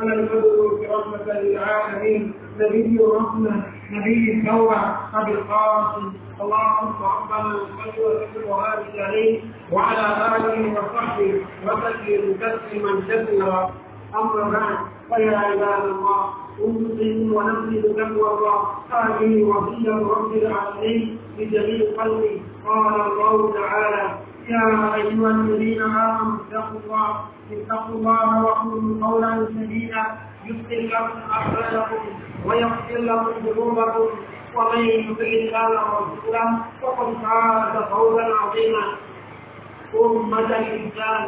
أنا البدر برحمة للعالمين نبي الرحمة نبي الثورة أبي القاسم اللهم ربنا صل وسلم وبارك عليه وعلى آله وصحبه وسلم تسليما كثيرا أما بعد فيا عباد الله أنزل ونفسي تقوى الله هذه وصية رب العالمين بجميع قلبي قال الله تعالى يا أيها الذين آمنوا اتقوا الله اتقوا الله وقولوا قولا سديدا يصلح لكم أعمالكم ويغفر لكم ذنوبكم ومن يطع الله ورسوله فقد فاز فوزا عظيما أمة الإنسان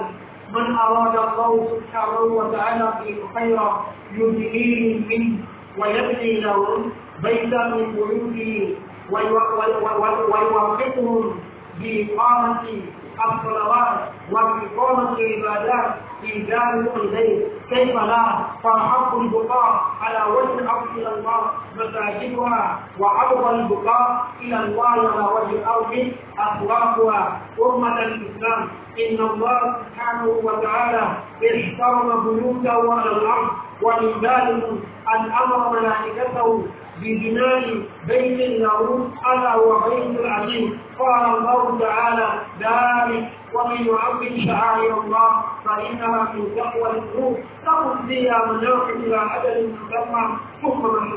من أراد الله سبحانه وتعالى به خيرا يدخل منه ويبني لهم بيتا من بيوته ويوفقهم بإقامة الصلوات والاقامه العبادات في جانب الغيب كيف لا فحق البقاء على وجه الارض الى الله مساجدها وعرض البقاء الى الله على وجه الارض اخلاقها امه الاسلام ان الله سبحانه وتعالى احترم بيوته على الارض ولذلك ان امر ملائكته ببناء بيت له ألا هو بيت العظيم قال الله تعالى ذلك ومن يعظم شعائر الله فإنها من تقوى القلوب تقضي فيها مناقب إلى عدد مسمى ثم من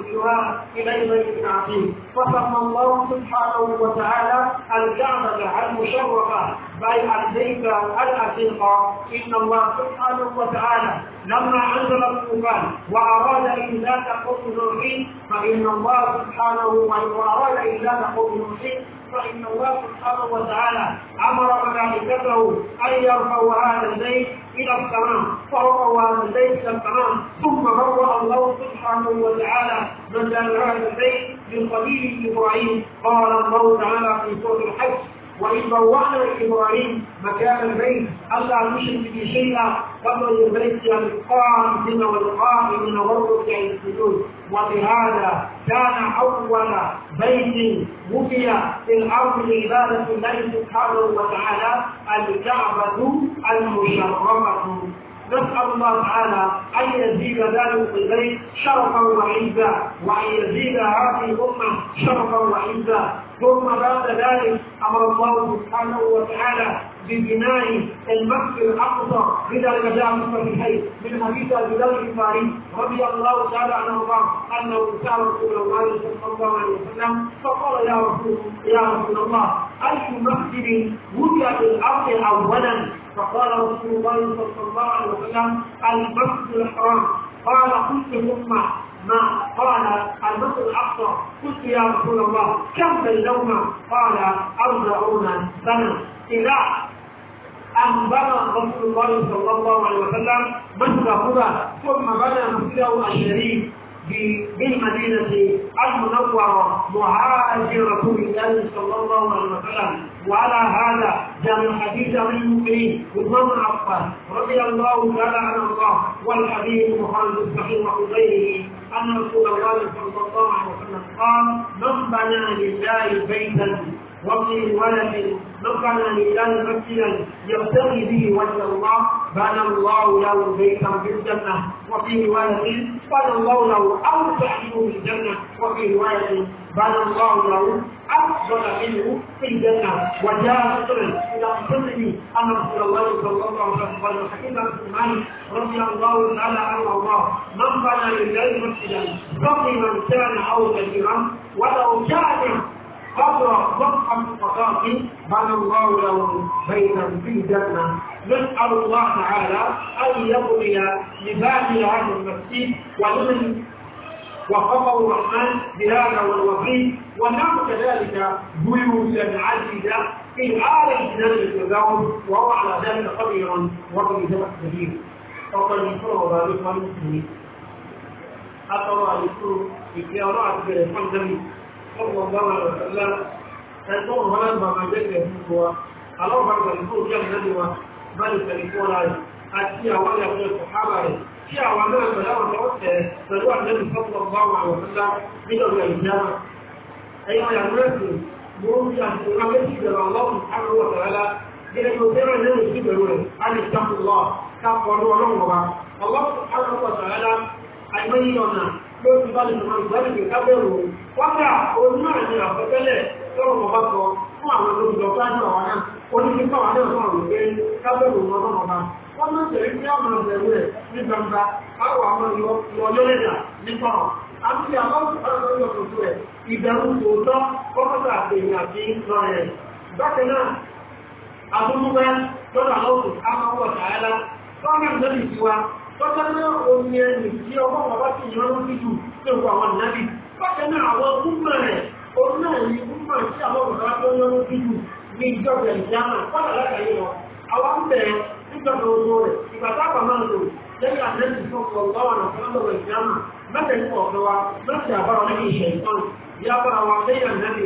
إلى إلينا عظيم فسمى الله سبحانه وتعالى الكعبة المشرفة بل البيت العتيق إن الله سبحانه وتعالى لما أنزل القرآن وأراد إنزال قوم نوح فإن الله سبحانه وأراد إنزال قوم نوح فإن الله سبحانه وتعالى أمر ملائكته أن يرفعوا هذا البيت إلى السماء فهو البيت السماء ثم روى الله سبحانه وتعالى مجال هذا البيت من قبيل إبراهيم قال الله تعالى في سورة الحج وإن بوأنا لإبراهيم مكان البيت ألا نشرك به شيئا قبل البيت للقائمين والقائمين والركع السجود وبهذا كان أول بيت وفي في الأرض لعبادة الله سبحانه وتعالى الكعبة المشرفة نسأل الله تعالى أن يزيد ذلك البيت شرفا وعزا وأن يزيد هذه الأمة شرفا وعزا ثم بعد ذلك أمر الله سبحانه وتعالى ببناء المسجد الأقصى إلى المجامع الصحيحين من حديث أبي ذر الغفاري رضي الله تعالى عنه أنه سأل رسول الله صلى الله عليه وسلم فقال يا رسول يا رسول الله أي مسجد وضع في الأرض أولا فقال رسول الله صلى الله عليه وسلم المسجد الحرام قال قلت ثم ما قال المسجد الاقصى قلت يا رسول الله كم اللوم قال اربعون سنه الى بنى رسول الله صلى الله عليه وسلم مسجد هدى ثم بنى مسجده الشريف بالمدينة المنورة مهاجر رسول الله صلى الله عليه وسلم وعلى هذا كان حديث عن المؤمنين عثمان عفان رضي الله تعالى عن الله والحديث المخالف الصحيح وغيره ان رسول الله صلى الله عليه وسلم قال من بنى لله بيتا وابن ولد مكانا لله مسجدا يبتغي به وجه الله بنى الله له بيتا في الجنه وفي روايه بنى الله له اوسع منه في الجنه وفي روايه بنى الله له افضل منه في الجنه وجاء رجل الى صدره ان رسول الله صلى الله عليه وسلم قال حكيم عثمان رضي الله تعالى عنه الله من بنى لله مسجدا فقيما كان او كثيرا ولو كان قدر من القضاء بنى الله له بيتا في الجنه نسال الله تعالى ان يقضي لباب هذا المسجد ولمن وقفه الرحمن بهذا والوفي ونعم كذلك بيوتا عزيزه في اعلى الجنة الفردوس وهو على ذلك قدير وفي ذلك كبير. فقد يكون ذلك المسلمين. أترى يكون ìpín ọlọ́run àti bẹ̀rẹ̀ sọ́kùn ọ̀gá wa lọ sílá ẹ̀tọ́ ọ̀rọ̀ náà bá lè tẹ̀lé fún ọ̀la rẹ̀ àti kọ́dà oní àyè àfẹ́fẹ́lẹ̀ lọ́rùn ọba sọ fún àwọn olùdókòwò sáájú àwọn náà oníṣẹ́ fáwọn náà sọ̀rọ̀ wípé kábẹ́rù wọn náà ọba wọ́n máa tẹ̀lé pé ọ̀nà ìbẹ̀rù rẹ̀ ní gbangba káwọ̀ àwọn ìwọ lórílẹ̀ ní sọ̀rọ̀ àti àwọn ọ̀rọ̀ ìyọ̀tọ̀tọ̀ rẹ̀ ìbẹ̀rù tòótọ́ kọ́kọ́tà bákan na àwọn gúnmọ̀ rẹ̀ òun náà ní gúnmọ̀ tí àwọn òṣèlú tó ń lọ́nà bíjù ní ìjọba ìjámà kọ́nà látàrí wọn àwọn ń bẹ̀rẹ̀ ọrụ owó rẹ̀ ìgbà táwọn máa lò lẹ́yìn àtẹ́sí fún mẹ́tẹ̀ ní wa mẹ́tẹ̀ àbára ní ìṣẹ̀ ìyá bára wa lẹ́yìn àtẹ́sí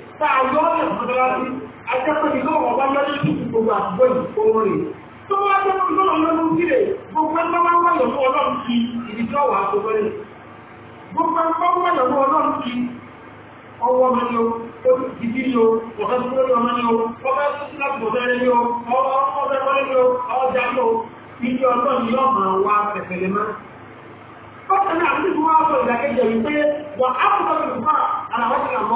tá a yọ ọ́nà mọ́tàlásí ajẹ́pẹ́ni lọ́wọ́ ọba lọ́dún tó ti gbogbo àgbọ̀ ìfowó rẹ̀. tó bá jẹ́ pé lọ́wọ́ lọ́dún kílè gbogbo ẹgbẹ́ wá wáyọ̀ fún ọlọ́run kí ibi tí ọwọ́ àtọ́ bẹ́rẹ̀. gbogbo ẹgbẹ́ wáyọ̀ fún ọlọ́run kí ọwọ́ mi ni o ìdí ni o ọ̀fẹ́ kúrò ní ọmọ ni o ọfẹ́ sísí láti bọ̀dẹ́rẹ́ ni o ọfẹ́ kọ́lé ni o ọjà o ilé ọlọ́run yóò máa wá pẹ̀pẹ̀lẹ̀ máa bákan náà àti ìfowópamọ́ ìdàkẹ́jẹ́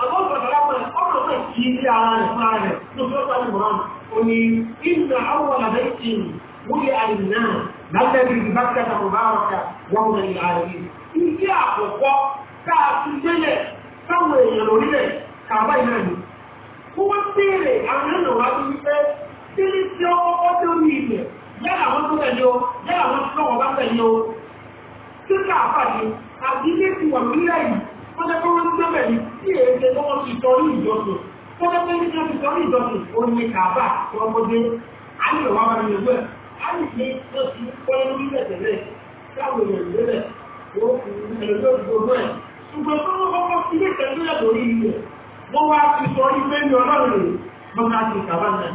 إن أول بيت ولع للناس الذي ببكة مباركة وهدى للعالمين. Ìdí àkọ́kọ́ tá a ti délẹ̀ táwọn èèyàn lórílẹ̀ kàbá iná ni. Wọ́n wá béèrè àwọn ènìyàn wá sí wípé délé tí ó kọ́kọ́ tó ní ilẹ̀ yálà wọ́n tó tẹ̀lé o yálà wọ́n tó lọ́wọ́ bá wà nílẹ̀ yìí wọ́n jẹ́ kó ń gbẹ́bẹ̀ ni tí èdè tó wọ́n ti sọ ní ìjọsìn tó lọ pé nígbà tí sọ ní ìjọsìn ó ní kàbà tí wọ́n kó dé àyè wà wà nínú ẹ̀ àyè ní ló ti kọ́ ní nílẹ̀ káwọn èèyàn lélẹ̀ ó fi ẹ̀rọ gbogbo ẹ̀ ṣùgbọ́n tó wọ́n kọ́kọ́ sí ilé tẹ̀lé lórí ilẹ̀ wọ́n wá ti sọ ilé ní ọlọ́run rẹ̀ wọ́n máa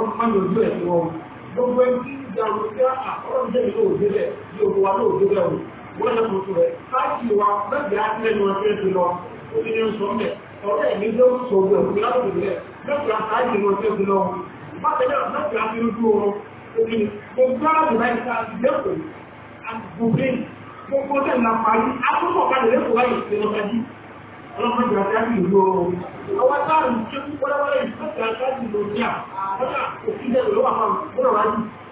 náà ọlọ́run dàrú sí àkọ́rọ́ jẹ́ ìlú òdébẹ̀ bí òkú wa lóòdó bẹ̀ wò wọ́n lọ tuntun rẹ̀ káàkiri a ti lẹ́nu ọ̀sẹ̀ ti lọ òbí ni ń sọ mẹ́ ọ̀rẹ́ ẹ̀ ní bẹ́ẹ̀ sọ bẹ́ẹ̀ òkú láti rẹ̀ bẹ́ẹ̀ bí a káàkiri ní ọ̀sẹ̀ ti lọ bákan náà bẹ́ẹ̀ bí a ti rújú oorun òbí ni gbogbo aláàbò báyìí ká lẹ́kọ̀ọ́ àgbègbè gbogbo tẹ̀ ń parí akókò ká lè lẹ́kọ̀ọ́ báyìí ṣe lọ́kàdí ọlọ́mọ ìgbà a ti rújú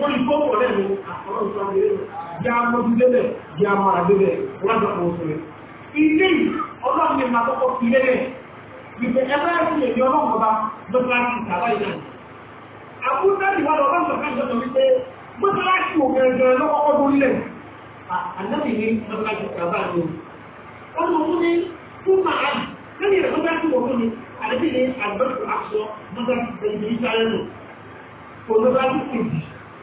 wọ́n ní kókò lẹ́nu àkọ́lọ́sọ àgbélé yà á mọ́jú lébẹ̀ yà á máa lébẹ̀ wọ́n á dọ̀kọ̀ òṣèlè. ilé ọlọ́run ní ma kọ́kọ́ fi lélẹ̀ ìfẹ́ ẹgbẹ́ ẹ̀sìn èmi ọlọ́run ọba mọ́tíláṣí ìtàlá ìlà. àbúrò ìwà lọ́wọ́ sọ̀kan jọ sọ wípé mọ́tíláṣí òkèrè lọ́kọ́kọ́ lórílẹ̀. ànábì ní mọ́tíláṣí ìtàlá ìlú. ọlọ́run ní fún màá lẹ́yìn rẹ̀ mọ́tíláṣí òkèrè ni àdébìnrin àgbẹ̀kọ̀ àṣọ mọ́tíláṣí ìtàlá ìlú.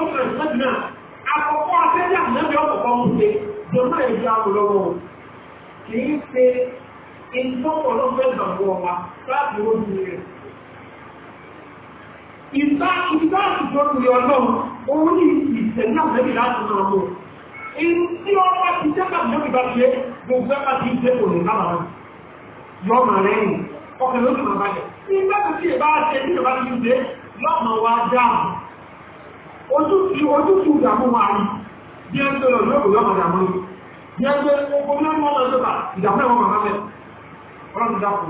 ọmọ ìfọdù náà àkọ́kọ́ afẹ́lẹ́ ànábì ọ̀kọ̀kọ́ ń ṣe jọmọ́ ẹ̀jẹ̀ àwòlọ́wọ́ kì í ṣe ìtọ́pọ̀lọpọ̀ ìgbàgbọ́ wa láti ojú rẹ̀. Ìgbà ìgbà ìjọba ọlọ́run òun ní ìṣẹ̀lẹ̀ ànábì láti máa mú. Ìdí ọba ti jẹ́ka ànábì bá ṣe gbogbo ẹ̀ka ti ṣe kò ní kábàá. Yọ ọmọ rẹ̀ yìí, ọkàn ló ti máa bàjẹ́. Ìgbà tó ti ìbá ṣe ní ìbá ti ṣe lọ́mọ wa dáa ojútùú ìdààmú máa rí bí ẹ ń gbé lọ yóò yọ ọmọdé àmọ́ yìí bí ẹ ń gbé gbogbo ní ọmọ ọmọdé bá ìdààmú ẹ̀wọ̀n màmá mẹ́ ọlọ́run dàpọ̀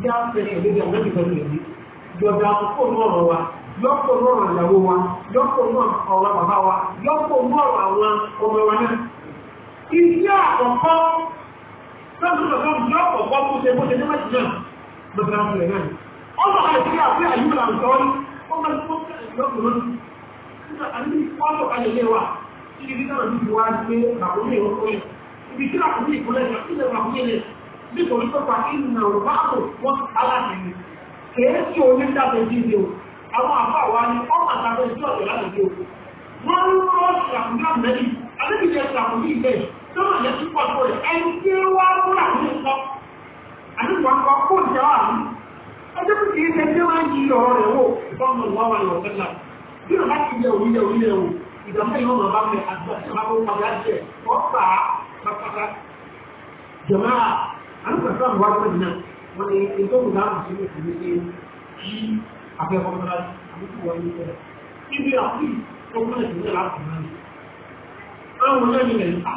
bí a fẹ́ ẹ̀lẹ́ bí àwọn ẹ̀dùn ẹ̀dùn ẹ̀dùn yọ̀dà kó nù ọ̀rọ̀ wa yọ̀pọ̀ nù ọ̀rọ̀ ìyàwó wa yọ̀pọ̀ nù ọ̀rọ̀ bàbá wa yọ̀pọ̀ nù ọ̀rọ̀ àwọn ọmọ wa náà. iṣẹ́ àkọ́kọ́ sọ́dún lọ́dún yọ̀pọ̀ kọ́ kó ṣe bó ṣe ní mẹ́tì náà lọ́dún àwọn ọ̀rẹ́ náà ọ̀rọ̀ àìsí àfẹ́ àyùkọ̀ àwùjọ àbí pọ́pọ̀ kan lè wà tí ibi náà gbé màkúnyè òkúnyè ibi tí màkúnyè ìkúnlẹ̀ náà sílẹ̀ lè nítorí tó pa kí nà ó bá kò wọ́n ti aláṣẹ ni kèé tí omi dábẹ́ dídé o àwọn àbá wa ni wọ́n máa dábẹ́ sí ọ̀dọ̀ láti dé o wọ́n ń rọ́ ṣàkúnyà mẹ́rin alébìyẹ ṣàkúnyà ilẹ̀ tó lọ yẹ kí pọ̀jù rẹ̀ ẹni tí wá múra kó bí o bá ti lẹ òní lẹ òní lẹ o ìdààmú yìí wọn máa bá mẹ àdúrà tí a máa bọ padà jẹ ọgbà pàpàtà jọba alùpàtà wà lónìí náà wọn ni ètò òkúta àmùsùn ní ìlú ṣe kí afẹ́fọ́nmọ́lá àbúkù wọn ní sẹ́yà ibi àfi ọgbọ́n ẹ̀sìn náà láti máa ní. àwọn náà ní ẹ̀ka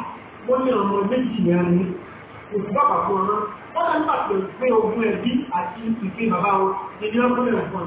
wọ́n ní ọmọ méjì yẹn ní òkú bàbà fún ọ náà wọ́n náà nígbà tó pé ogún ẹbí àti ìpín bàbá wọn ní ọgbọ́n ẹ̀fọn.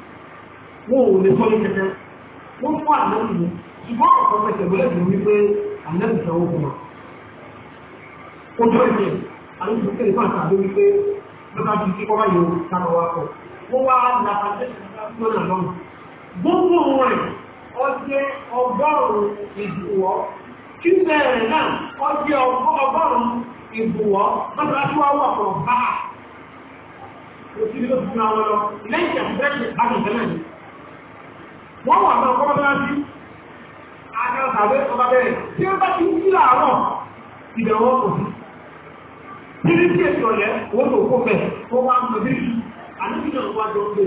wọn ò lè sọ́yìn kẹ̀kẹ́ wọ́n fún ànábì ṣùgbọ́n ọ̀pọ̀ pẹ̀sẹ̀ bọ́lẹ̀ tó wí pé ànábì wọ́n fún wa. ó jọ ìṣe àlejò kéde fún pé lọ́ka ti kí kọ́ba yòó sábà wá pọ̀ wọ́n wá nàfà gbogbo wọn tí wọ́n wà ló fún wọ́n wà máa kọ́ bá sí àjọ tàbí ọba bẹ́ẹ̀ tí ó bá ti ń kílà àárọ̀ ìbẹ̀wò kò sí. tí èsì ọ̀lẹ́ wọ́n lò kó bẹ̀ tó wá ń yìí wá jọ pé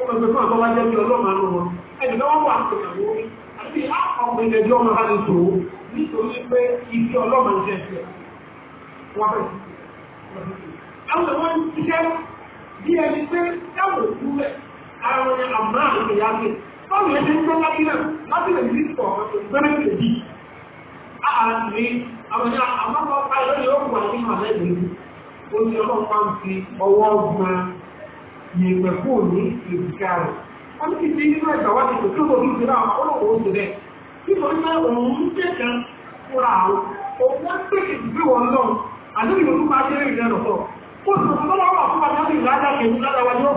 ó bẹ̀ fún àgbọ̀ wá jẹ́ bí àánú wọn. Ẹ̀jẹ̀ náà wọ́n wà ń àwọn orí àti ọmọ bá ti tò ó nítorí pé àwọn àmà àti ìyáàfẹ́ báwo yẹn ti ń gbọ́ lábí náà lábí náà yìí pọ̀ gbẹ́rẹ́ lè bí àwọn àmọ́kọ́ ayọ́ yóò wà ní màlẹ́ ìlú ó ní ọmọ kan fi ọwọ́ gba yẹ̀pẹ̀ kúrò ìdíkà rẹ̀ wọ́n ti ti nínú ẹ̀gbà wá ti tòkí òkú ti rà ó lòwò ó ti rẹ̀ nítorí pé òun ń tẹ̀ka fúra àwọn òun wọ́n tẹ̀kì bí wọn lọ àdéhùn ìlú máa ṣe é ìrẹ́lọ́tọ̀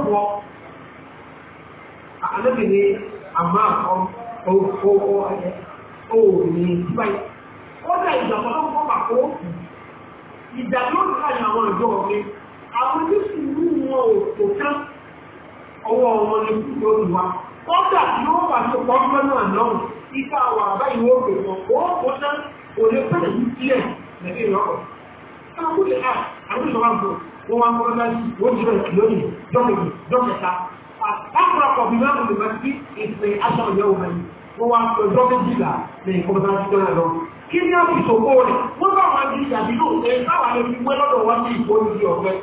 kó àlọ́bì ni àmọ́ àkọ́ owó ẹ̀ ó ní báyìí. ó dà ìjà tó lọ́wọ́ bá kó ìjà ló ń ká àwọn ìjọ mi àwọn oníṣòwò wọn ò tán ọwọ́ wọn ni kúrò wá. ó dà yóò wà tó pọ́ mọ́nà náà ìgbà wà báyìí wọ́n pè wọ́n ó kó tán òní pẹ̀lú ìdílé nàbí ìrọ̀kọ̀. Àwọn kúlẹ̀ àti àwọn ìṣọ̀rọ̀ àgbò wọn wá ń kọ́ láti wọ́n jẹ́ lónìí dọ́kẹ̀tì dọ́kẹ̀ta akọ̀rọ̀kọ̀ bí wọ́n kò lè ti ìpè aṣọ ìyẹ̀wò mẹ́rin wọ́n wá pé ọjọ́ méjìlá ní nǹkan bá ti dọ́nà lọ. kí ni àwọn ìṣòwò rẹ̀ wọ́n bá wọn di ìyàbílò pé báwa lè fi wẹ́ lọ́dọ̀ wọn sí ìfowópamọ́ ti ọ̀fẹ́.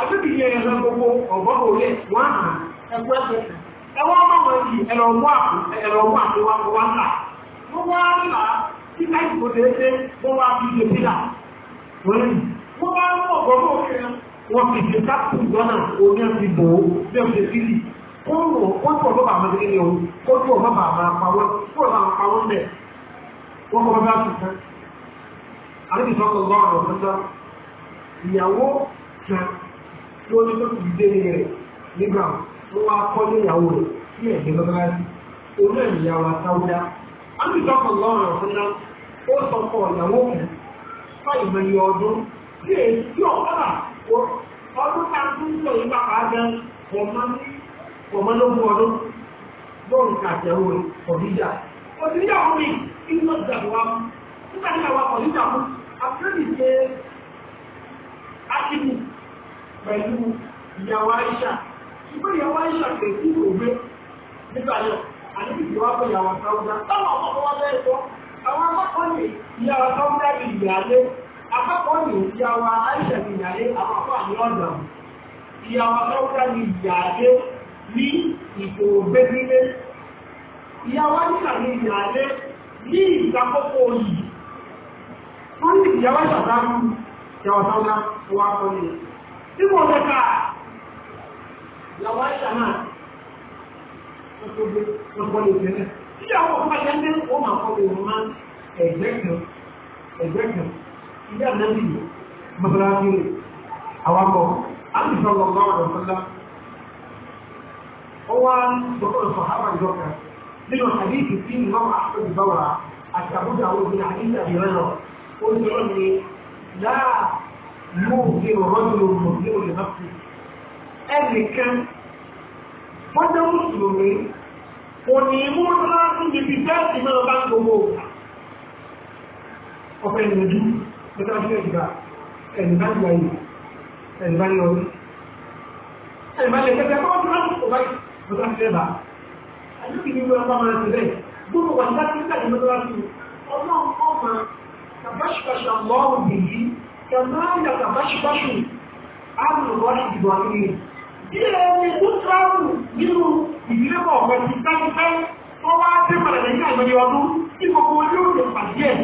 àbíbi yẹn ẹ̀rọ gbogbo ọ̀gbọ́n òye wọ́n á ẹ̀kọ́ ẹ̀kọ́ ẹ̀wọ́n bá wọn di ẹ̀rọ wọ́n àpò wọn là. wọ́n wá là kí láìpò déédé wọ́n wá fi ṣe sílà. wọ́n wá ń mọ̀ ó ń rò ó tún ọ̀pọ̀ bàmọ́ sí ní o ó tún ọ̀pọ̀ bàmọ́ àpawọ́ tún ọ̀pọ̀ àpawọ́ ń bẹ̀ wọ́n kọ́ bá tún àdébí sọ́kọ̀ lọ́wọ́ ìyàwó kan tí ní tó dé nígbà wá kọ́ ní ìyàwó rẹ̀ sí àdébí sọ́kọ̀ lọ́wọ́ ọmọlógún ọdún lóòrùn kàtẹ́wò kọ̀díjà kọ̀díjà fún mi kí ló ti dàgbà wá fún nígbà tí àwa kọ̀díjà fún àfẹ́lì ṣe ákìmù pẹ̀lú ìyàwó àìṣà ṣùgbọ́n ìyàwó àìṣà kò tí kò gbé nígbà yẹn àdébí ìyàwó àpò ìyàwó àtàwùjá táwọn ọmọ ọmọ wọn bẹ́ẹ̀ sọ àwọn akọ́kọ́ ní ìyàwó àtàwùjá di ìyàlé akọ́kọ́ ní ìyàwó àìṣà di ìyàlé àwọn àpò àmì ọ̀dọ̀ ìyàwó àtàwùjá di ìyàlé ní ìṣòro gbẹ́gbẹ́lé ìyá wa ní àmì ìyàlẹ́ ní ìdákọ́kọ́ òyì wọ́n ní ìyá wa ṣàdámù ìyá wa sáwọn wa kọ́ ni tí mo lọ ká ìyá wa ṣàmà ọkọ̀ ọkọ̀ lè tẹ̀lé ìyá wa ọkọ̀ yẹn ní ó máa kọ́ lè má ẹ̀gbẹ́ kan ẹ̀gbẹ́ kan ìyá náà nìyí mọ̀tàlá kiri àwọn akọ àti sọ̀rọ̀ lọ́wọ́ هو دخول الصحابة الجوكر من الحديث في مرة أحسن الدورة أتابو داود بن عديد أبي هريرة قلت إني لا يوفي رجل مظلم لنفسه أهل كان فده مسلمي ونيمو لازم بفتاة من البنك موتا ọ̀fẹ́ ìrìnàjò mẹ́ta ṣe ìgbà ẹ̀nìbá ìgbà yìí ẹ̀nìbá yọrí ẹ̀nìbá lè fẹ́ fẹ́ fọ́ ló bá fẹ́ bá àdúgbò ní ìlú ọba máa ti rẹ̀ gbogbo wà láti ń tàbí lọ́wọ́ sí ọlọ́run ọmọ kàbáṣubáṣu àmọ́ọ̀rùn bìbí kàmáàlà kàbáṣubáṣu àmùlùwọ́ ìdìbò àmì ilé ẹni tó tíráwù nínú ìdílé kọ̀ọ̀kan ti pẹ́ńpẹ́ tó wá sí padà lẹ́yìn àgbẹ̀yẹ ọdún tí gbogbo yóò lè pàdé ẹ̀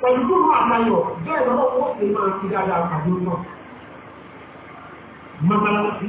pẹ̀lú gbogbo àtayọ̀ bẹ́ẹ̀ lọ́wọ́ wọ́n ti máa fi dáadáa pàdé náà. mọ́tàlá sí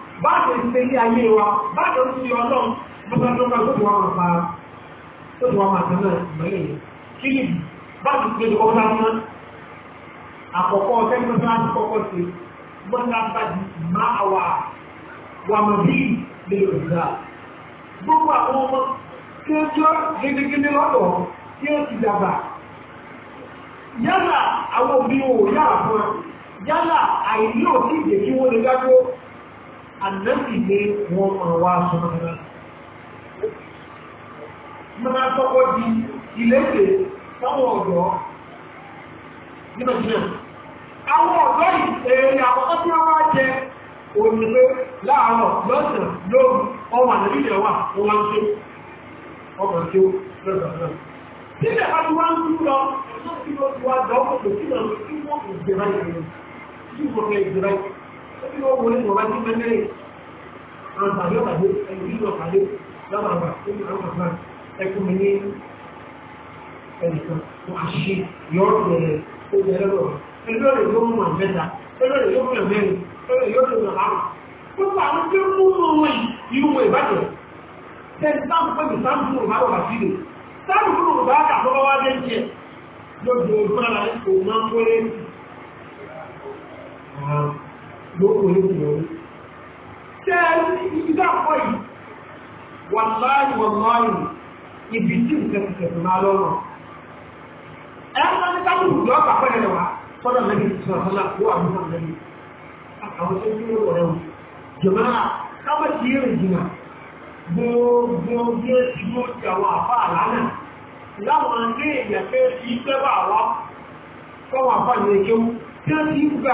báàtò ti ṣe ní ayé wa báàtò ti ṣe ọlọ́run lọ́gbàdọ́gba tó ti wá máa pa tó ti wá máa tán náà ìmọ̀lẹ̀ yẹn kí ni báàtò ti ṣe ọ̀gá mọ́ àkọ́kọ́ sẹ́yìn tó ti kọ́kọ́ ṣe gbọ́dọ̀ bá di má àwà wà mọ̀ bí lè rògbà gbogbo àwọn ọmọ tí ó jọ gidigidi lọ́dọ̀ tí ó ti dàgbà yálà àwọn òbí wò yára fún wa yálà àìní òtí ìdè kí wọ́n lè dágbó ànábì lé wọn máa wá aṣọ náà. Máa tọ́kọ́ di ìlédè táwọn ọ̀dọ́ nínú ìjìnà. Àwọn ọ̀dọ́ yìí èrè àkọ́kọ́ tí wọ́n wá jẹ òní pé láàárọ̀ lọ́sàn lóru ọmọ àdàbí ìjọ wà wọ́n wá ń ké ọmọ tí ó lọ́sàn náà. Nígbà bá ti wá ń kú lọ, ẹ̀sọ́ tí wọ́n ti wá dọ́ kò sí lọ́sàn tí wọ́n kò gbé báyìí. Tí wọ́n tí wọ́n wọlé ní ọba tí wọ́n mẹ́rin àgbà yóò pàdé ẹni tí yóò pàdé lọ́wọ́ àgbà tó ní àwọn àgbà ẹkún mi ní ẹnìkan wọ́n á ṣe yọ̀ọ́ bẹ̀rẹ̀ ó bẹ̀rẹ̀ lọ ẹgbẹ́ rẹ̀ yóò mọ̀ mẹ́ta ẹgbẹ́ rẹ̀ yóò mọ̀ mẹ́rin ẹgbẹ́ rẹ̀ yóò mọ̀ márùn gbogbo àwọn tó mú wọn irú wọn ìbàdàn tẹ̀sí sáàmù pẹ̀lú sáàmù fún òbá wà sí rẹ̀ sáàmù fún òbá kà lọ́wọ́ wá dé ń jẹ lójú òfúnra máa ń wọlé lóko ní tìrọ̀rí. ṣé ibi tá a kọ́ yìí wàláyé wàláyé ibi tí nǹkan ti tẹ̀sán máa lọ́rùn. ẹ ń sọ́ni sábà ìjọ ọ̀pá pẹ̀lẹ́ rẹ̀ wá sọ́dọ̀ lẹ́yìn sọ̀rọ̀ kó àwọn ọmọ tó ń ti gbogbo gbé ti àwọn àfa àlànà láwọn ilé àfa tí wọ́n ti gbà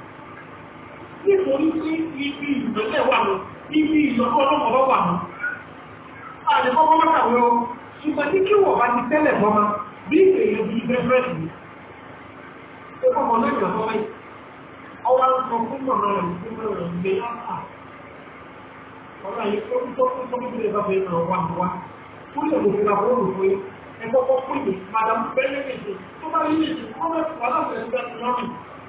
nítorí pé ibi ìdọ́lẹ̀ wà lọ ibi ìdọ́kọ́ ọlọ́mọba wà lọ. àlẹ́kọ́kọ́ má kàwé o ṣùgbọ́n tí kí wọ́n bá ti tẹ́lẹ̀ bọ́ ma bí èèyàn bíi bẹ́ẹ̀rẹ́sì ni. ó kọ́ ọmọ náà yàn lọ́wọ́ ọwọ́ á sọ fún mọ̀nà rẹ̀ ní fún rẹ̀ gbé áta. ọ̀rọ̀ yìí ó ń tọ́ fún tọ́kí tó lè bá bẹ̀rẹ̀ náà wà wá. ó lè lò fún abọ́ òrò fún ẹ fún yìí madam bẹ́ẹ̀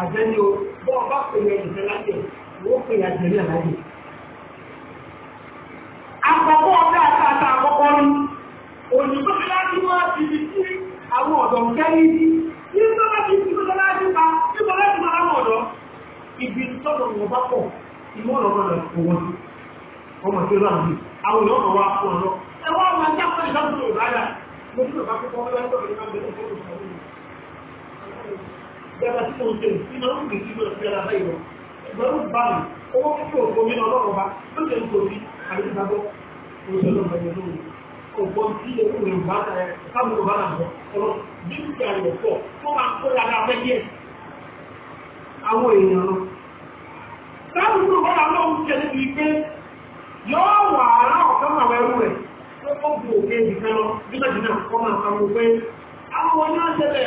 àjẹni o bọ́ ọba pèlè ìfẹ́ lájẹ wọ́n pèlè àjẹni àlájẹ. àkọ́kọ́ ọ̀gá àtàtà àkọ́kọ́ ni òyìnbó ti láti wá ti fi sí àwọn ọ̀dọ́ nkẹ́yìn ní ní sọ́dọ̀ ti fi sọ́dọ̀ láti pa tí wọ́n láti máa ń ọ̀dọ́ ibi sọ́dọ̀ wọn bá pọ̀ ìmọ̀ ọ̀rọ̀ wọn lọ fún wọn ọmọ tí ó lọ àwọn àwọn ọ̀rọ̀ wa fún ọ ẹ wá wọn jápọ̀ ìdáhùn tó rà mo ti lọ yàrá tí mo ń sèlè máa ń gbè sí máa fi báyìí lọ ṣùgbọ́n bá mi owó kíkọ́ òfò náà lọ́rùn bá ló ṣe ń kò sí àbí ti bàbọ̀ mo ṣe lọ́rùn tí ewu rẹ̀ bá ta káwọn ọba náà bọ̀ ọ̀rọ̀ bí mo ti àyọ̀ pọ̀ tó máa kó yàrá fẹ́ díẹ̀ àwọn èèyàn lọ. táwọn ọba náà lọ́wọ́ ń ṣe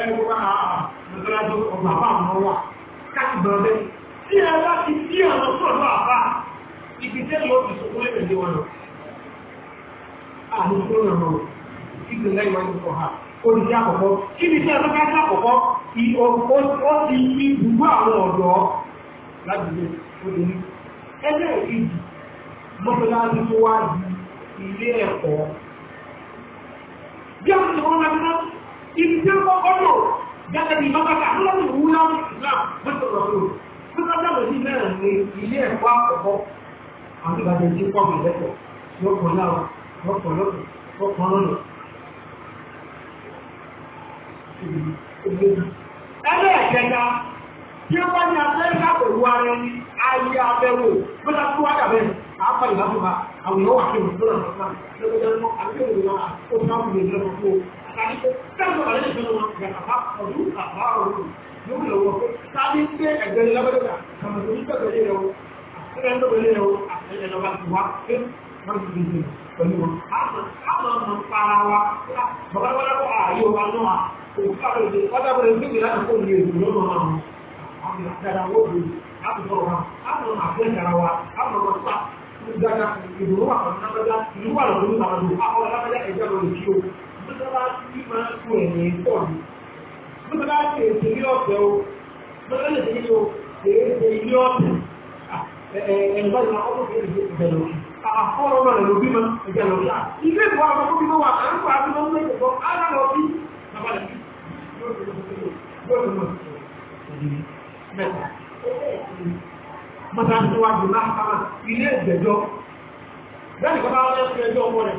ẹnu ká mọ̀tàlásọ ọgbà bá àwọn wà káàkiri bẹ̀rẹ̀ bẹ́ẹ̀. tí ẹ bá ti bí àwọn sọ̀rọ̀ àbá ibi tẹ́lẹ̀ yóò fi sọ̀kúnlé ìdí wọn lọ. àmì tó ń rọrùn ìgbè ńlá ìwà ìkọ̀ ha olùdí àkọ́kọ́ kíbi tí ẹ̀rọ káàkiri àkọ́kọ́ ó ti fi gbogbo àwọn ọ̀dọ́ ládùúgbò obìnrin ẹgbẹ́ ìkejì mọ́tàlásọ tó wá di ilé ẹ̀kọ́. bí àwọn ìṣòro náà ibi tí ó kọ́kọ́ lò jáde ní mọ́kàtà lọ́dún ìwú náà islam lọ́dún ọ̀dọ́ tó bá dáwọ̀ sí náà ní ilé ẹ̀kọ́ àkọ́kọ́ àwọn ìbàdàn tí pọ̀ mí lẹ́kọ̀ọ́ lọ́pọ̀ láwọn lọ́pọ̀ lọ́pọ̀ lọ́pọ̀ lọ́nà. ẹlẹ́ẹ̀kẹta tí ó wá ní pẹ̀lú ara ẹni ayé abẹ́wò bọ́lá tó wájà bẹ́ẹ̀ àáfà ìlànà àwọn ìyàwó àti ìròyìn tàbí ìgbà àbá ọdún àbá ọdún yóò lọ wọ pé tàbí pé ẹgbẹ́ lọ́gbẹ́dọ́gbà kàmọ̀tò ní tẹ̀gbẹ́ yẹ o àtẹ̀gbẹ́ lọ́gbẹ́ yẹ o àtẹ̀gbẹ́ lọ́gbà ti wá pé wọ́n ti dìde pẹ̀lú wọn. àmọ́ ọmọ para wa bàbá wọn kọ́ ààyè wa náà òkú àlọ́dẹ ọ̀dàbọ̀ ẹ̀ gbígbé láti kó ní èdè lọ́nà náà àmì àdàdà wọ́n bò àbùkọ̀ wa àmọ̀ àfẹ́ ìdára wa àmọ̀ ọmọ sá gbàgbà ìdòwò àkàndínlágbàdà ìlú wà lọ́dún àbàdàn àwọn ọlọ́dún ẹ̀jẹ̀ tó bá ti máa ń kó ènìyàn pọ̀ ní. bí wọ́n bá ti èsì ní ọ̀fẹ́ o bí wọ́n lè ṣe yíyọ èsì ní ọ̀fẹ́ ẹ̀ẹ́dẹ́gbọ́n ìlànà ọkọ̀ tó ti bẹ̀rẹ̀ lọ. àkọ́rọ̀ náà lè lo bímọ ìjà lọ sá. ilé ìwà ọmọ tó bímọ wà á ń pa bímọ ní ẹ̀kọ́ ara lọ bí. mọ̀tà ń tún wá bí máa ń pa ilé ìgbẹ́jọ́. bẹ́ẹ̀ ni bàbá wọn ń fi ẹjọ́ ọmọ rẹ̀.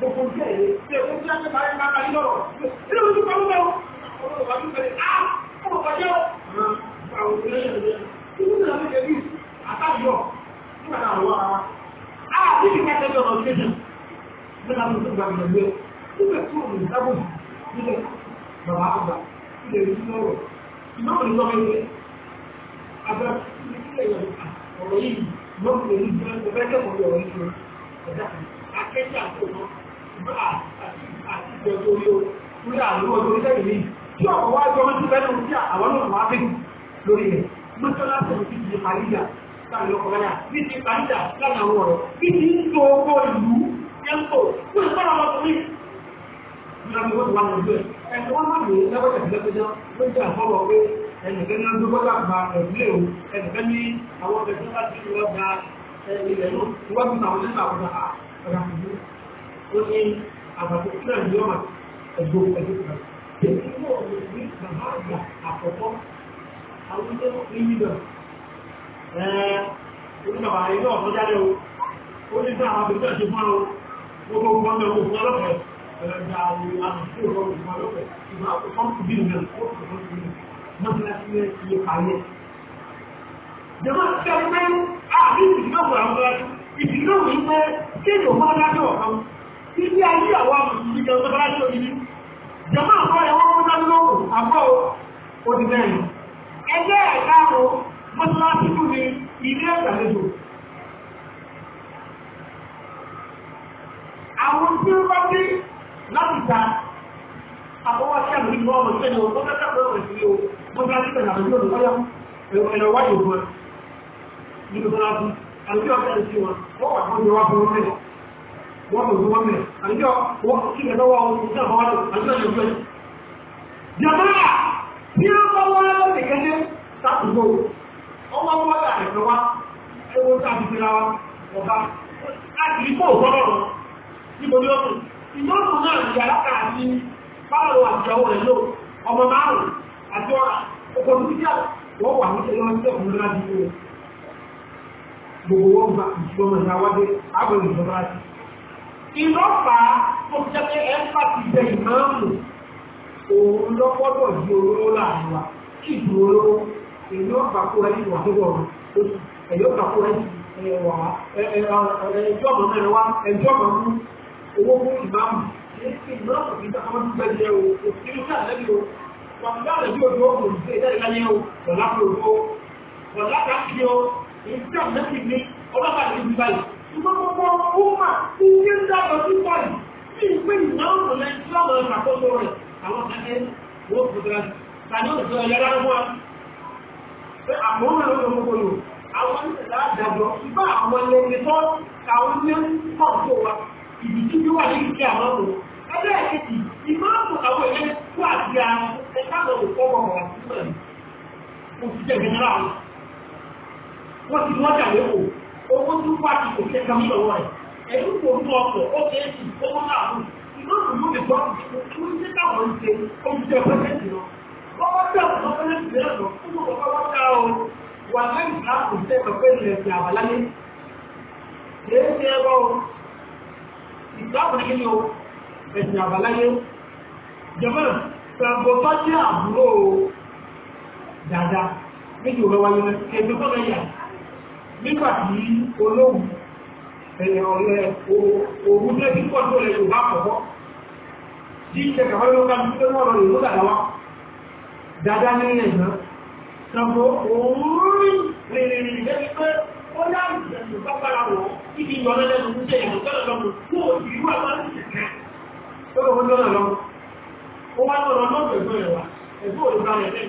gbogbo ojú ẹ̀ Ṣé o ti láti parí máa ka nílọ̀rọ̀? Ṣé o ti pamọ́ ah! bẹ́ẹ̀ ah! akẹ́kẹ́ àti òun àti ìjọjọ àwọn ọmọ tí ọ̀pọ̀ wá jọ wọ́n ti fẹ́ náà wá bí lórí ní àwọn ọ̀rọ̀ kí ni ń tó owó ìlú ẹ̀ńtò fún ìfọ́nà ọmọkùnrin ìlànà ìwọ́n ti wá lọ́jọ́ ẹ̀ ẹ̀sìn wọn má lè lẹ́gbẹ̀ẹ́ ló jẹ́ àfọwọ́ pé ẹnìkan ní ọdún bọ́lá gba ẹ̀dúlé o ẹnìkan ní àwọn ọ̀dọ́ tó bá ó ní àgbàdo kílà ní ọmọ ẹgbẹ́ ẹgbẹ́ kan èyí náà ló ní bàbá àgbà àkọ́kọ́ àwọn ilé ní yíyọ ẹ oní bàbá ilé ọ̀tọ́ jáde o ó ní bá àwọn abẹ́jọ́ ṣe fún ọ gbogbo ọgbọ́n náà kò fún ọlọ́pàá ẹ̀rọ ìjà àwọn àmì tí ò lọ́wọ́ fún ọlọ́pàá ìgbà àkọ́kọ́ bí nìyẹn ó kò tó sí mọ́tíláṣí rẹ̀ iye parí ẹ̀. jẹ́mọ́ sẹ́ni pé àbí ìdìgbò àwọn ìdìgbò yìí pé kéèyàn máa dájọ́ ọ̀kan ilé ayé àwọn àmùsùlùmí kan sọ́kọ́lá tó yìí jọmọ́ àkọ́ ẹ̀ wọ́n mú náà lóhùn àkọ́ ẹgbẹ́ ẹ̀ka àrùn mọ́sálásí fún mi ilé ìgbàlejò àwọn tí ó bá dé láti ta àkọ́wọ́ sí àmì ìlú ọmọ ìṣẹ́ ìlú ọmọ ìṣẹ́ ọmọ ìṣẹ́ ìlú mọ́sálásí pẹ̀lú àmì ìlú ọmọ ìṣẹ́ ìlú ọmọ ìṣẹ́ ọmọ ìṣẹ́ ìlú ọmọ ìṣẹ́ ọmọ ìṣẹ́ ìlú ọmọ ìṣẹ́ ọmọ ìṣẹ́ ìlú wọ́n kò gbọ́ mẹ́ àjọ wọ́n kí ẹ̀dọ́ wọ́n ń sàn wọ́n àjọ yóò fẹ́. jàmbá tí ó bá wọ́n lọ kẹ́kẹ́ sàtúgbò ọmọ wọn dà ẹ̀fẹ́ wa ẹwọ́n tó àti fira wa ọba láti ikú ògbọ́dọ̀ níbo ni ọ̀sùn ìmọ̀sùn náà ní yàrá kàdí báwo àjọwọ̀ rẹ̀ lò ọmọ márùn àti ọ̀rà ọkọ̀ dúkìá wọ́n wà ní ẹ̀yọ́ ọjọ́ ìmúra dìbò gbogbo wọn gba ìṣọ́mọ̀ ìyáwádé àbẹ̀wò ìjọba àti iná fà á tó fi jẹ́ pé ẹ̀fà ti bẹ ìmáàmù òun lọ́gbọ́dọ̀ di olóró láàrin wa kí ìdúró lóró èyí ó gbà kó ẹni wà tó wọ̀rọ̀ oṣù èyí ó gbà kó ẹni wà ẹjọ́ ọmọ mẹ́rin wá ẹjọ́ ọmọ mú owó fún ìmáàmù ìmáàmù kì í sọ ọmọdé bẹ́ẹ̀ jẹ́ o òṣèlú náà lẹ́bi o wàhálà lẹ́bi ojú ọmọ òṣèlú ẹ̀dá ìlànà o wàhálà kò o wàhálà kà á kí o èyí tí ọ̀nà ti ní ọlọ́pàá ti di báyìí ṣùgbọ́n gbogbo ọmọ tí ilé ń dàgbà sí báyìí tí ń pè ní àwọn ọ̀nà ìsìláàmù ọ̀nà àkóso rẹ̀ àwọn kàkẹ́ wọ́n kò dára tàbí òṣèlú ọ̀yà rárá wá pé àwọn ọ̀nà ọ̀nà gbogbo lò àwọn ìṣẹ̀lẹ̀ àdàbọ̀ ṣùgbọ́n àwọn ẹni tó àwọn ilé ń pọ̀ tó wa ìdí tí wà ní ìṣẹ́ àwọn ọ̀nà ẹgbẹ́ ẹ̀kẹ́tì ìmọ̀ràn àwọn ilé wà sí ara ẹ̀ká lọ́wọ́ owó tún pàtì kò tẹ́ kan lọ́wọ́ rẹ̀ ẹ̀rú kò mú ọkọ̀ ó kẹ́ ẹ̀sìn owó náà mú ìlọ́run ló lè gbọ́ kí wọ́n ṣe táwọn ń ṣe oúnjẹ pẹ́ẹ́sì lọ. Bọ́wọ́ tẹ̀ ọ̀sán pẹ́ẹ́sì lẹ́yìn lọ fún gbogbo bọ́wọ́ dá o wà láì bá kò tẹ́ ọ̀pẹ́ ilẹ̀ ti àbáláyé. Kìí ṣe ẹbọ o, ìgbàgbọ́ kí ni o, ẹ̀sìn àbáláyé. Jọ̀mọ́ ìgbàgbọ́ bá jẹ́ àbúrò dáadáa méjì ò lọ́wọ́ ayé náà, ẹ̀mí kọ́ nígbà olóhùn ẹ̀yàn ọ̀rẹ́ òun jẹ́ kíkọ́ tó lè yorùbá àkọ́kọ́ tí ìṣẹ́ kàwé ló ká dúpẹ́ wọn lọ yorùbá dàda wa dada ní ilẹ̀ náà sọ̀rọ̀ òun rìn rìn rìn lẹ́bi pé ó dá ìṣẹ̀lẹ̀ pápára wọ̀ ibi ìyọ̀nà lẹ́nu ń jẹ́ ìwọ̀n tọ́lọ̀ lọ́mù kó o sì rú àwọn ìṣẹ̀kẹ́ ó lọ́wọ́ tọ́lọ̀ lọ́mù ó wá lọ́rọ̀ lọ́gbẹ̀ẹ́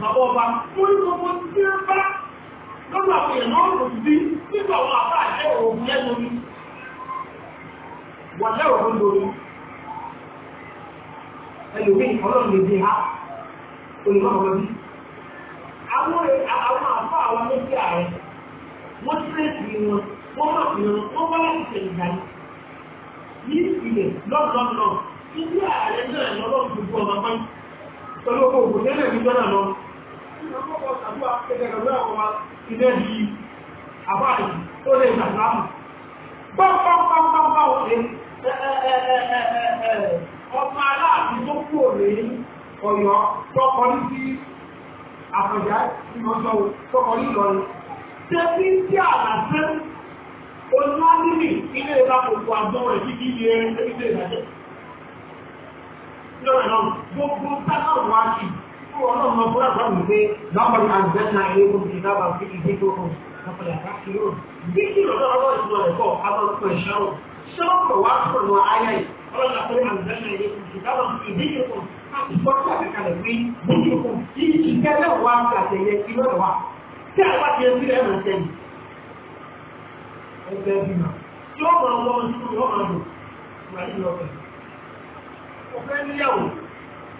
bàbá ọba fún ìgbogbo tí ndị bá lọ́dọ̀ àwọn náà lò sí nígbà wọn àbá àjẹ́ òògùn lẹ́nu ni wọ́n lẹ́rọ̀ ló lórí ẹlòmíì ọlọ́run lè dé ha bí. àwọn àwọn àwọn méjì ààrẹ wọ́n wọn wọ́n wọ́n bá láti tẹ̀lé ní ìpìlẹ̀ lọ́dọọdọ ààrẹ náà gbogbo pẹ̀lú tẹ́lẹ̀ Ọmọ aláàbí tó kú òní ọ̀yọ́ tọkọ ní sí àfọ̀já ìmọ̀sọ̀ tọkọ ní Ìlọrin. Ṣé kí ń tí àlàṣẹ́ oná níbi ilé ìlà òkú àgbọ̀n rẹ̀ kíkí ní ẹgbẹ́ ìdájẹ́? Lọ́rẹ̀ náà, gbogbo táwọn wá kìí ọlọ́run máa fúra bá mi pé bákan àgbẹ̀nà ewu ti dábà fi ìdí tó hàn lọ́pọ̀lọpọ̀ àti yóò bí kí lọ́dọ̀ ọlọ́run ti wọlé kọ́ abọ́lọ́pọ̀ ìṣàrọ̀ sọ́ọ̀kọ̀ wá sọ̀rọ̀ ayá yìí ọlọ́run àpẹẹrẹ àgbẹ̀nà ewu ti dábà fi ìdí tó hàn láti gbọ́ pàtàkàlẹ̀ pé bójú kan kí ìkẹ́lẹ̀ wá àtẹ̀yẹ kí lọ́dọ̀ wá tí àwọn àti ẹbí rẹ̀ máa tẹ̀lé ẹgbẹ́ bímọ tí wọ́n máa wọ́n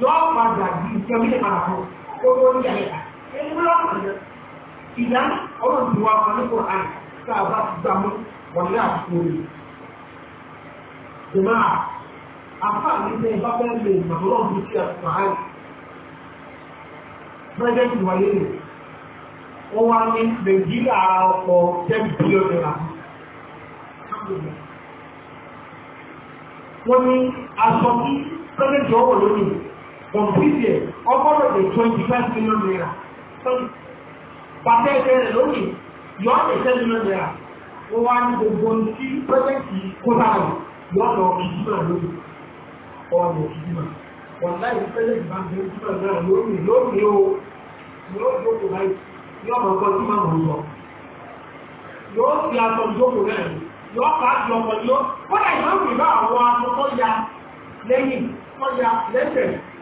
yóò padà di ìjẹun ní ìpadà fún gbogbo oníjà níta ẹni wọ́n lọ́kàn náà ìyá ọlọ́run ti wá wọn ní kò àyè tá a bá ti gbà mú wọn ní àkókò rẹ̀. Jọ̀mọ́ àfa mi ní ẹ bá fẹ́ lè màmú lọ́run tó ti àtúntò àyè. Bẹ́ẹ̀ ni wáyé rẹ̀ ó wá ní Nàìjíríà ọkọ̀ ten billion naira. Wọ́n ní aṣọ kí pẹ́lẹ́tì ọwọ́ lónìí from this year ọgbọ́dọ̀ dé twenty five million naira pàtẹ́ ẹgbẹ́rẹ́ lónìí yọ ọ́ dé ten million naira wọ́n wá ní gbogbo ti pẹ́ẹ́tì kóta rẹ̀ yọ ọ́ lọ kìí mà lónìí ọ̀nà kìí mà wọ̀nà ìfẹ́lẹ́ ìbámu kìí mà náà lónìí lónìí o lónìí o kò báyìí yọ ọmọ nǹkan tí màá mọ̀ lọ yóò fi aṣọ ìjókòó náà yọ ká di ọmọ yọ kọ́dà ìmáàmù ìbá àwọn aṣọ ya lẹ́yìn tó ya lẹ́sẹ̀.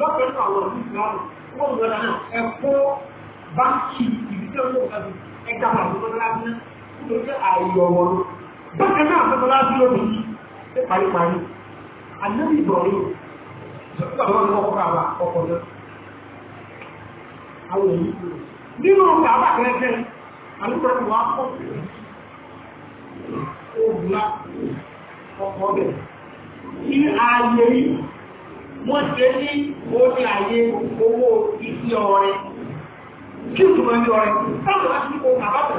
lọ́pọ̀ nínú àwọn òbí ìsìlámù wọ́n mú ọ̀dà náà ẹ̀kọ́ báńkì ìbí tí ó lò ká ẹ̀dá wà lọ́pọ̀ láti ná nítorí pé ààyè ọ̀wọ́ ló bákan náà lọ́pọ̀ láti lóbi ṣé paríparí ànábì ìbọ̀rí sọ́kùnrin àwọn ọmọ ọkọ̀ àbá ọkọ̀ náà àwọn èyí nínú ọkọ̀ àbá kẹ́kẹ́ àlùkò ìwà ọkọ̀ ògùnlá ọkọ̀ ọbẹ̀ kí ààyè yìí wọ́n ṣe ní orí ààyè owó ìfi ọrẹ kí o tún máa ń yọrẹ táwọn aṣíkò àbábọ̀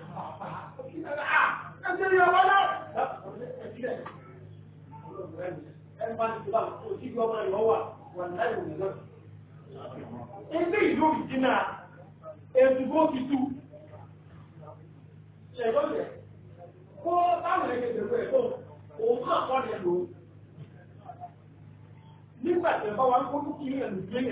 Ebe ìlú ìdínà ètùgbó ti tú. Ṣẹ̀gbọ́n rẹ̀, kó táwọn ẹgbẹ́ ìdẹ̀kọ́ ẹ̀kọ́, òun kàn kọ́ rẹ̀ lò. Nígbà ẹ̀bá wa ń kó dúkìá ìlú ìdílé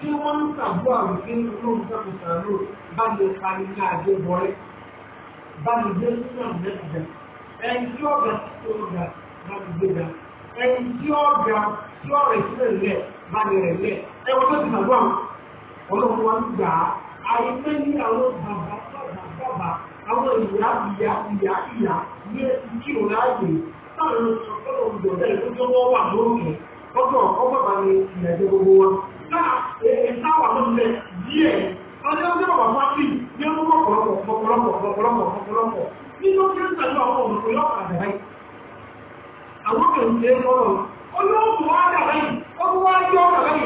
tí wọ́n ń tàbú àwọn tí ń lò ń tàbí sàrò bá lè parí ní àjọ bọ́rẹ́ bá lè gbé sínú àmẹ́ta ẹni tí ọ̀gá tí ó ga bá lè gbé ga táwà ló lẹ̀ díẹ̀ ọdún ọdún bàbá fásitì ní ọdún nínú kí báyìí àwọn wa dà báyìí ọdún wa yọ báyìí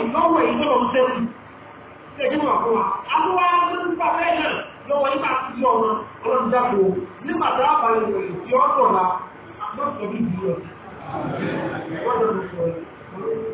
èyí tó lọ ń wà fún wa àwọn wa ń bẹ́ẹ̀ náà yìí bá ti yọ a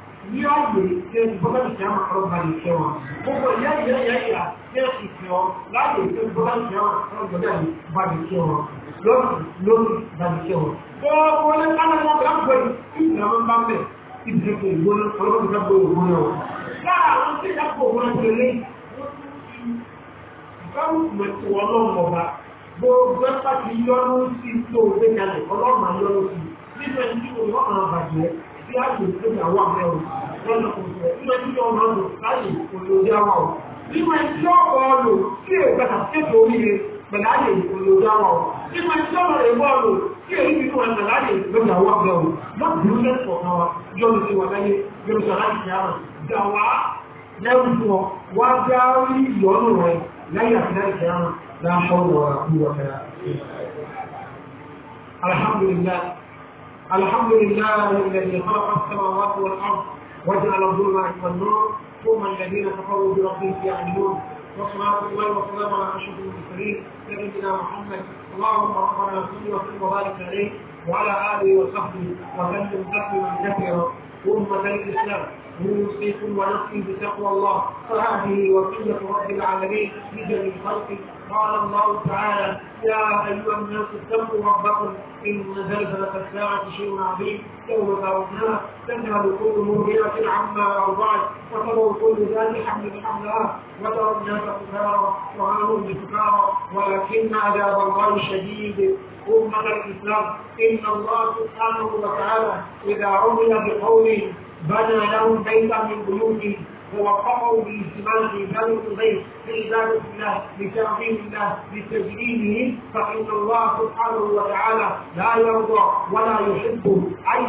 ní ọ̀gbìn ṣe ìgbọ́dọ̀ ìṣẹ́ àwọn ọlọ́ba lè ṣe wọn. Gbogbo ìyá ìyá ìyá ìyá ṣe ìṣẹ́ wọn láàyè ṣe ìgbọ́dọ̀ ìṣẹ́ àwọn ọlọ́ba lè ṣe wọn. Lórí lórí ìgbà lè ṣe wọn. Gbogbo ní kánáwó bá gbé ìgbà wọn bá bẹ̀ ìdíje ìgbóná ọlọ́ba bá gbé ògbó náà. Láàrín tí ìdápò wọn ti lé báwo ti yọ́nú sí tí a lè fi àwọn àmọ́ rẹ̀ lọ́nà òṣèlú ilé tí wọ́n máa ń lò láyè olóòjá wa o. Nínú ẹtí ọ̀pọ̀ lò sí ìgbàdà kéde oríire pẹ̀lú àyè olóòjá wa o. Nínú ẹtí ọ̀pọ̀ rẹ̀ bọ́ lò sí èyí nínú ẹ̀ pẹ̀lú àyè olóòjá wa bẹ̀ o. Wọ́n ti rúlẹ̀ sọ̀ náà wa yọ̀lù sí wa láyé yọ̀lù sọ̀ láti yára. Gbà wá lẹ́rù fún ọ, wá dá orí ìyọ́nù rẹ̀ láyé àti láti yára láṣọ́ wọ̀ àkúwọ̀ fẹ́ Alhamdulillah. الحمد لله الذي خلق السماوات والارض وجعل عند والنور ثم الذين كفروا بربهم يعملون والصلاة والسلام والسلام على أشرف المرسلين سيدنا محمد اللهم ربنا صل وسلم وبارك عليه وعلى آله وصحبه وسلم تسليما كثيرا أمة الإسلام يوصيكم ونفسي بتقوى الله فهذه وصية رب العالمين لجميع الخلق قال الله تعالى يا أيها الناس اتقوا ربكم إن زلزلة الساعة شيء عظيم يوم ترونها تذهب كل مؤمنة عما أرضعت وتضع كل ذات حمل حملها وترى الناس سكارى وما بسكارى ولكن عذاب الله شديد أمة الإسلام إن الله سبحانه وتعالى إذا عمل بقوله بنى لهم بيتا من بيوته ووقعوا باجتماع بني في بعبادة الله بتعظيم الله بتجليله فإن الله سبحانه وتعالى لا يرضى ولا يحب أي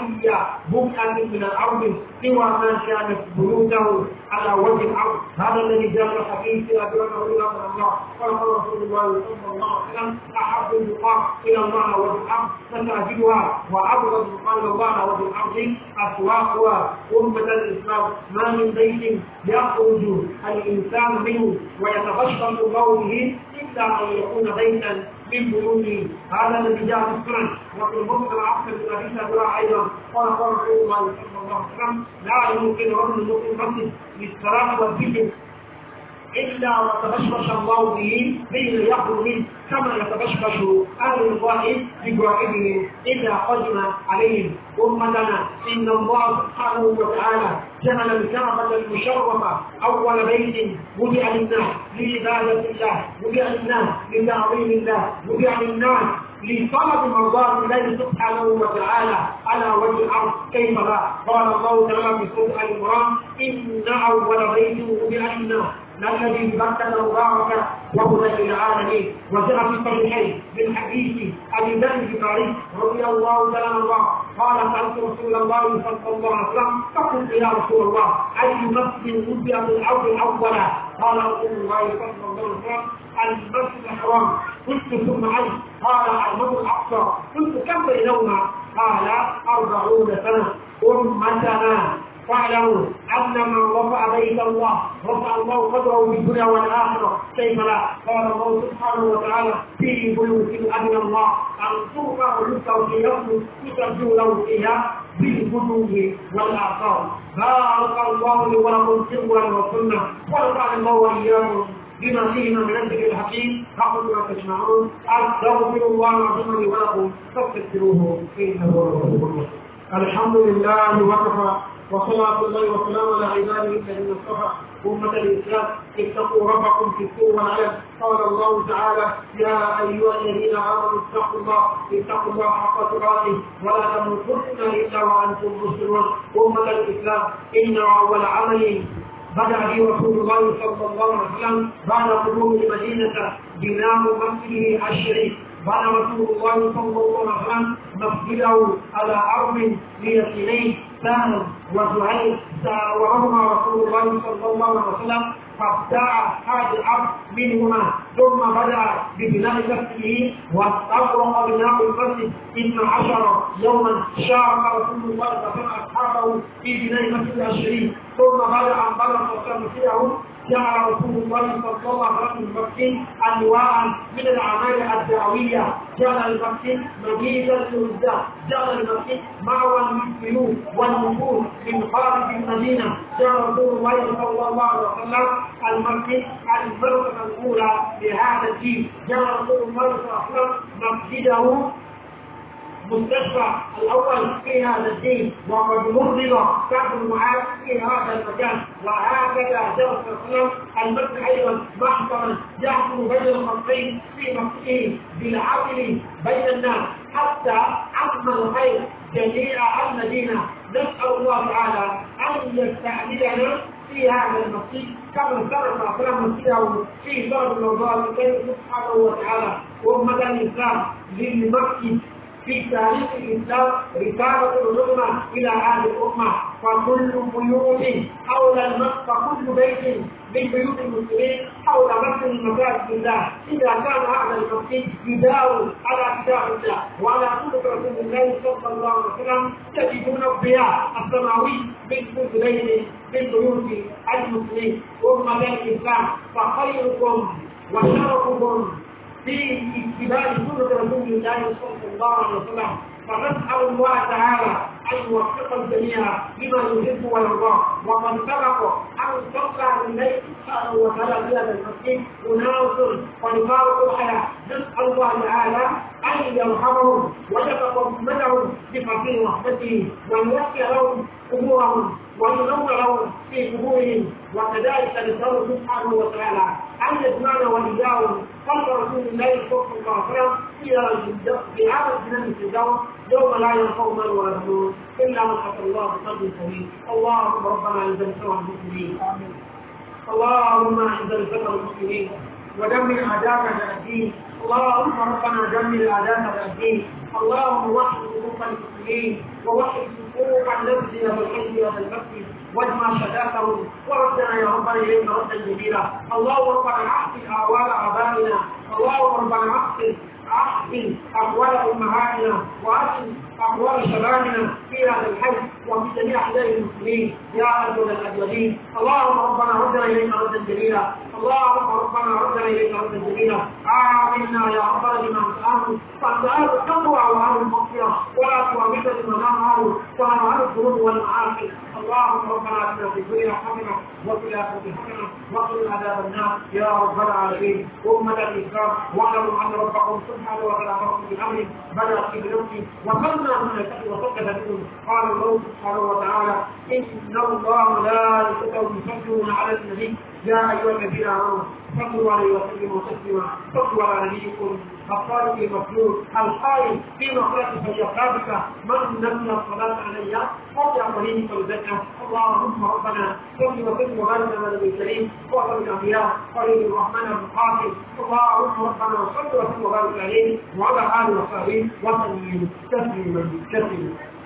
بقعة من الأرض سوى ما كانت بيوته على وجه الأرض هذا الذي جاء الحديث إلى بلده إلى الله قال رسول الله صلى الله عليه وسلم أحب البقاع إلى الله والأرض فتعجبها وأبرز قال الله وفي الأرض أسواقها أمة الإسلام ما من بيت يخرج الإنسان منه ويتبسط الله به إلا أن يكون بيتا من بيوته هذا الذي جاء في السنن وفي المسلم أحمد بن أبي سعد أيضا قال قال رسول الله صلى الله عليه وسلم لا يمكن رجل مسلم مسجد للصلاة والذكر إلا وتبشبش الله به بين يخرج منه كما يتبشبش أهل الواحد بجوارهم اذا قدم عليهم أمتنا إن الله سبحانه وتعالى جعل الكعبة المشرفة أول بيت وجع للناس لعبادة الله وجع للناس لتعظيم الله وجع للناس لطلب مرضاة الله سبحانه وتعالى على وجه الأرض كيف لا قال الله تعالى في سورة عمران إن أول بيت وضع للناس الذي بكة مبارك وهدى للعالمين وجاء في الصحيحين من حديث أبي بكر البخاري رضي الله تعالى عنه قال سألت رسول الله صلى الله عليه وسلم فقلت يا رسول الله أي نفس وضع من أول الأول قال رسول الله صلى الله عليه وسلم المسجد الحرام قلت ثم أي قال المسجد الأقصى قلت كم بينهما قال أربعون سنة أمتنا واعلموا ان ما رفع بيت الله رفع الله قدره في الدنيا والاخره كيف لا قال الله سبحانه وتعالى في بيوت اذن الله ان ترفع للتوحيد تسجل له فيها بالغدو والاعصار بارك الله لي ولكم سرا وسنه ونفعني الله واياكم بما فيهما من الذكر الحكيم اقول ما تسمعون استغفر الله العظيم لي ولكم فاستغفروه انه هو الحمد لله وكفى وصلاة الله وسلم على عباده الذين اصطفى أمة الإسلام اتقوا ربكم في السوء والعلم قال الله تعالى يا أيها الذين آمنوا اتقوا الله اتقوا الله حق تقاته ولا تموتن إلا وأنتم مسلمون أمة الإسلام إن أول عمل بدا به رسول الله صلى الله عليه وسلم بعد قدوم المدينة بناء مسجده الشريف بنى رسول الله صلى الله عليه وسلم مسجده على أرض من السنين سعد وزهير ساورهما رسول الله صلى الله عليه وسلم فابتاع هذا الارض منهما ثم بدا ببناء كفه واستغرق بناء المسجد اثنا عشر يوما شارك رسول الله صلى الله عليه وسلم اصحابه في بناء المسجد الشريف ثم بدا ان بلغ تمثيله جمع رسول الله صلى الله عليه وسلم انواعا من الاعمال الدعويه جعل المسجد مدينه للرزاق جعل المسجد معوى المسلمون والنفوس من خارج المدينه جعل رسول الله صلى الله عليه وسلم المسجد المرتبه الاولى لهذا الدين جعل رسول الله صلى الله عليه وسلم مسجده المستشفى الاول في هذا الدين ومنظمه تعمل معاذ في هذا المكان وهكذا درس القلم المسجد ايضا محضرا يحكم بين الخلقين في نفسه بالعدل بين الناس حتى عظم الخير جميع المدينه نسال الله تعالى ان يستعملنا في هذا المسجد كما ذكر الاسلام مسجده في بعض الموضوعات لكي سبحانه وتعالى وامه الاسلام للمسجد في تاريخ الإسلام رسالة الأمة إلى أهل الأمة فكل بيوت حول فكل بيت من بيوت المسلمين حول مسجد مساجد الله إذا كان هذا المسجد يداوم على كتاب الله وعلى سنة رسول الله صلى الله عليه وسلم تجدون الضياء السماوي من كل بيت من بيوت المسلمين وهم ذلك الإسلام فخيركم وشرفكم في اتباع سنة رسول الله صلى الله عليه وسلم فنسأل الله تعالى أن يوفق الجميع لما يحب ويرضاه ومن سبق أو استطلع من ذلك سبحانه وتعالى بلد المسلم أناس ونفارق الحياة نسأل الله تعالى أن يرحمهم ويتقم أمتهم بفضل رحمته ويوسع لهم أمورهم وينور لهم في قبورهم وكذلك الله سبحانه وتعالى أن يجمعنا وإياهم صلى رسول الله صلى الله عليه وسلم في هذا الجنة الفردوس يوم لا ينفع مال ولا فلوس إلا من أتى الله بقلب سليم اللهم ربنا أعز الإسلام المسلمين اللهم أعز الإسلام المسلمين ودمر أعداءك الدين اللهم ربنا دمر أعداءك الدين اللهم وحد حقوق المسلمين ووحد حقوق نفسنا بالحج وبالمسجد واجمع شتاتهم وردنا يا ربنا اليك ردا جميلا اللهم ربنا احسن اعوان ابائنا اللهم ربنا احسن احسن اقوال امهاتنا واحسن أقوال شبابنا في هذا الحج وفي جميع أحزاب المسلمين يا أرجل الأجلين اللهم ربنا ردنا إليك ردا جميلا اللهم ربنا ردنا إليك ردا جميلا آمنا يا رب بما نسأله فأنت التقوى وأهل المغفرة ولا توابك لمن أهل وأهل أهل الذنوب والمعاصي اللهم ربنا آتنا في الدنيا حسنة وفي الآخرة حسنة وقنا عذاب النار يا رب العالمين أمة الإسلام واعلموا أن ربكم سبحانه وتعالى أمركم بأمره بدأ في بلوكي وقلنا من قال الله سبحانه وتعالى ان الله ملائكته من على النبي يا ايها الذين امنوا صلوا عليه وسلموا تسليما صلوا على نبيكم الصادق المخلوق القائم في مخلص فليقابك من نمى الصلاة علي أو يعطيه فلزكة اللهم ربنا صل وسلم وبارك على النبي الكريم وصل الأنبياء خليل الرحمن المقاتل اللهم ربنا صل وسلم وبارك عليه وعلى آله وصحبه وسلم تسليما كثيرا